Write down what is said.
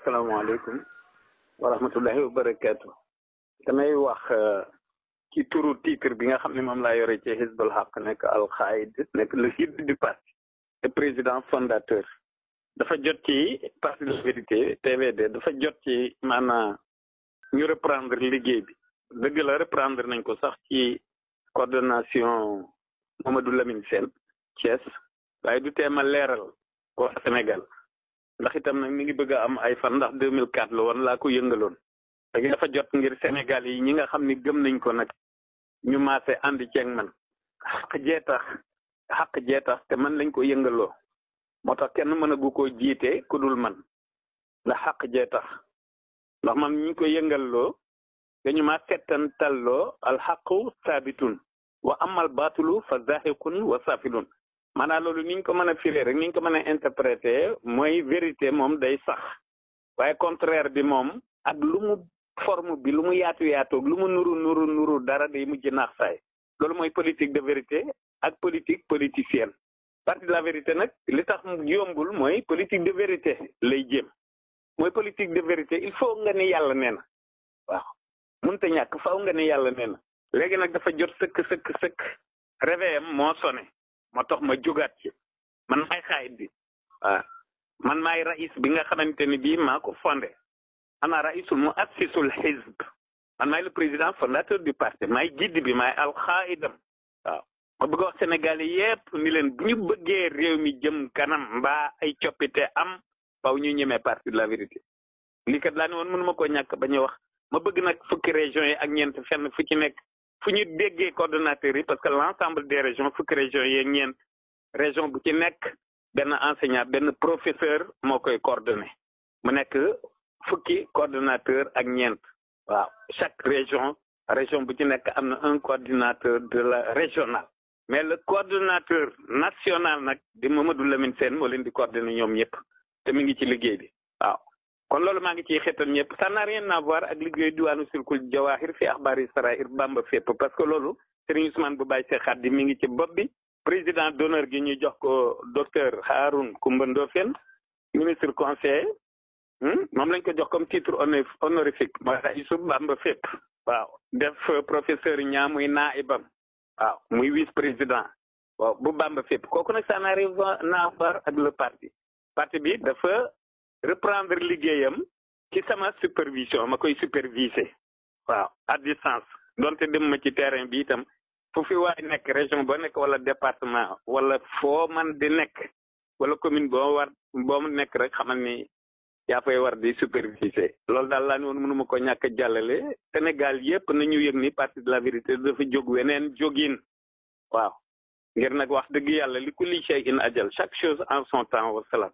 asalaamaaleykum wa rahmatullahi wa barakaatu. damay wax euh, ci turu titre bi nga xam ne moom laa yore ci Hizbul Haq nekk alxaid nekk le guide du parti le président fondateur. dafa jot ci parti de la dafa jot ci maanaam ñu reprendre liggéey bi. dëgg la reprendre nañ ko sax ci coordination Mamadou Lamine Sène Thiès waaye du teema leeral ko Sénégal. ndax itam nag mi ngi bëgg am ay fan ndax 2004 la woon laa ko yëngaloon dagi dafa jot ngir sénégal yi ñi nga xam ni gëm nañ ko nag ñu maase ànd ceeg man xaq jeetax xaq jeetax te man lañ ko yëngaloo moo tax kenn mën a gu ko jiite ku dul man la xaq jeetax ndax man ñi ko yëngalloo dañu settantalloo alxaqu saabitun wa amal baatulu fa zahiqun wa saafilun maanaam loolu ni ñu ko mën a firee rek ni ñu ko mën a interpréter mooy vérité moom day sax waaye contraire bi moom ak lu mu forme bi lu mu yaatu yaatoog lu mu nuru nuru nuru dara day mujj naax saay loolu mooy politique de vérité ak politique politicienne parti de la vérité nag li tax mu yombul mooy politique de vérité lay jéem mooy politique de vérité il faut nga ne yàlla nee na waaw munta ñàkk faaw nga ne yàlla nee na léegi nag dafa jot sëkk sëkk sëkk réveil am moo moo tax ma jógaat man maay xaayit bi waaw man maay raïs bi nga xamante ni bii maa ko fondé ana raïsul mu assisul xizb man maay le président fondateur bi parti maay jidd bi maay alxaidam waaw ma bëgg wax Sénégal yépp ni leen bu ñu bëggee réew mi jëm kanam mbaa ay coppite am faw ñu ñemee parti de la vérité lii kat laa ne woon mënuma koo ñàkk bañ a wax ma bëgg nag fukki région yi ak ñeent fenn fu ci nekk fu ñu déggee yi parce que l'ensemble des régions fukki région yé ñent région bu ci nekk ben enseignant ben professeur mo koy coordonné mu nekk fukki coordonnateur ak ñent waaw chaque région région bu ci nekk amna un coordinateur de la régionale mais le coordinateur national nak di Mamadou Lamine sen mo leen di coordonner ñom ñep té mi ngi ci liggéey bi kon loolu maa ngi ciy xeetam ñëpp ça n'a ak liggéey diwaanu silkul jawahir fi axbaari sarair bamba fépp parce que loolu Serigne Ousmane bu Baye Cheikh Khady mu ngi ci bopp bi président d'honneur gi ñu jox ko docteur Haroun Coumba Ndoffène ministre conseiller hmm, moom lañ ko jox comme titre honorifique mooy raïsu bamba fépp waaw def professeur ñaa muy naibam waaw muy vice président waaw bu bamba fépp kooku nag ça n'a rien ak le parti parti bi dafa reprendre liggéeyam ci sama supervision ma koy superviser waaw à distance donte dem ma ci terrain bi itam fu fi waay nekk région ba nekk wala département wala foo man di nekk wala commune boo war boo nekk rek xamal ni yaa fay war di superviser loolu daal laa ne woon mënuma ko ñàkk a jàllale Sénégal yépp nañu yëg ni parti de la vérité dafa jóg weneen jógin waaw ngir nag wax dëgg yàlla li ku li shay in ajal chaque chose en son temps wasalaam